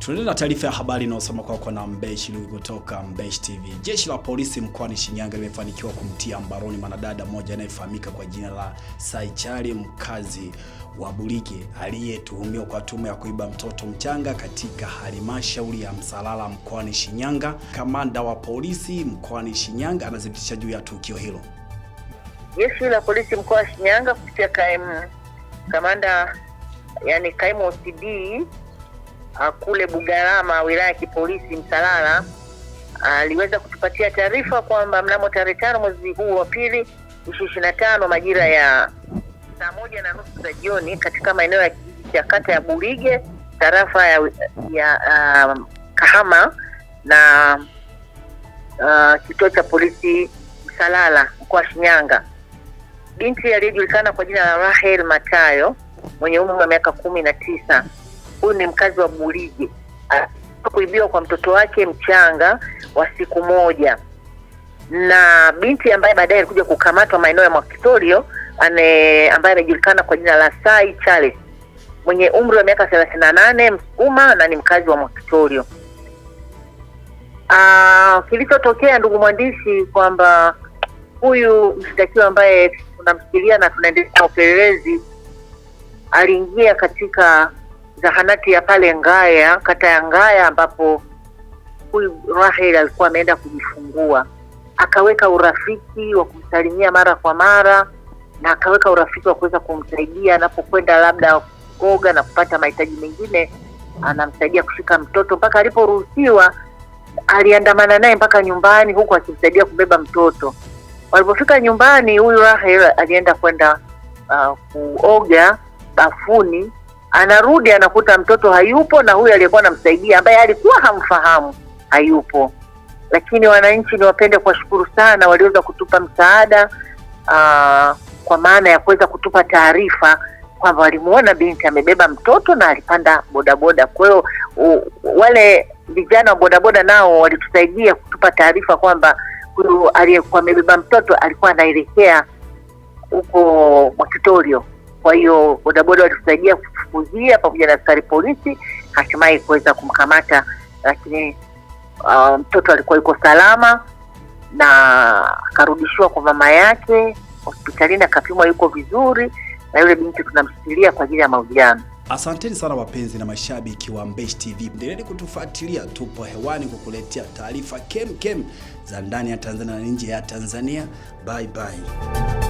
Tunaendelea na taarifa ya habari inayosoma kwako kwa na Mbeshi kutoka Mbeshi TV. Jeshi la polisi mkoani Shinyanga limefanikiwa kumtia mbaroni mwanadada mmoja anayefahamika kwa jina la Saichari mkazi wa burige aliyetuhumiwa kwa tuhuma ya kuiba mtoto mchanga katika halmashauri ya Msalala mkoani Shinyanga. Kamanda wa polisi mkoani Shinyanga anathibitisha juu ya tukio hilo. Jeshi la polisi mkoa wa Shinyanga kupitia kaimu kamanda, yani kaimu OCD Ah, kule Bugarama, wilaya ya kipolisi Msalala, ah, aliweza kutupatia taarifa kwamba mnamo tarehe tano mwezi huu wa pili ishirini na tano majira ya saa moja na nusu za jioni katika maeneo ya kijiji cha kata ya Burige tarafa ya, ya uh, Kahama na uh, kituo cha polisi Msalala mkoa wa Shinyanga, binti aliyejulikana kwa jina la Rahel Matayo mwenye umri wa miaka kumi na tisa huyu ni mkazi wa Buliji kuibiwa kwa mtoto wake mchanga wa siku moja na binti ambaye baadaye alikuja kukamatwa maeneo ya Mwakitorio ane ambaye anajulikana kwa jina la Sai Charles mwenye umri wa miaka 38 na nane Msukuma na ni mkazi wa Mwakitorio. Ah, kilichotokea ndugu mwandishi, kwamba huyu mshtakiwa ambaye tunamshikilia na tunaendelea upelelezi aliingia katika zahanati ya pale Ngaya, kata ya Ngaya, ambapo huyu Rahel alikuwa ameenda kujifungua. Akaweka urafiki wa kumsalimia mara kwa mara na akaweka urafiki wa kuweza kumsaidia anapokwenda labda kuoga na kupata mahitaji mengine, anamsaidia kushika mtoto mpaka aliporuhusiwa aliandamana naye mpaka nyumbani huku akimsaidia kubeba mtoto. Walipofika nyumbani, huyu Rahel alienda kwenda uh, kuoga bafuni Anarudi anakuta mtoto hayupo, na huyo aliyekuwa anamsaidia ambaye alikuwa hamfahamu hayupo. Lakini wananchi, niwapende kuwashukuru sana, waliweza kutupa msaada aa, kwa maana ya kuweza kutupa taarifa kwamba walimuona binti amebeba mtoto na alipanda bodaboda. Kwa hiyo wale vijana wa bodaboda nao walitusaidia kutupa taarifa kwamba huyu aliyekuwa amebeba mtoto alikuwa anaelekea huko Mwakitorio. Kwa hiyo bodaboda walitusaidia kujia pamoja na askari polisi hatimaye kuweza kumkamata, lakini uh, mtoto um, alikuwa yuko salama na akarudishiwa kwa mama yake hospitalini, akapimwa yuko vizuri, na yule binti tunamshikilia kwa ajili ya mahojiano. Asanteni sana wapenzi na mashabiki wa mbesh TV, mdeleni kutufuatilia. Tupo hewani kukuletea taarifa kem kem za ndani ya Tanzania na nje ya Tanzania. Bye bye.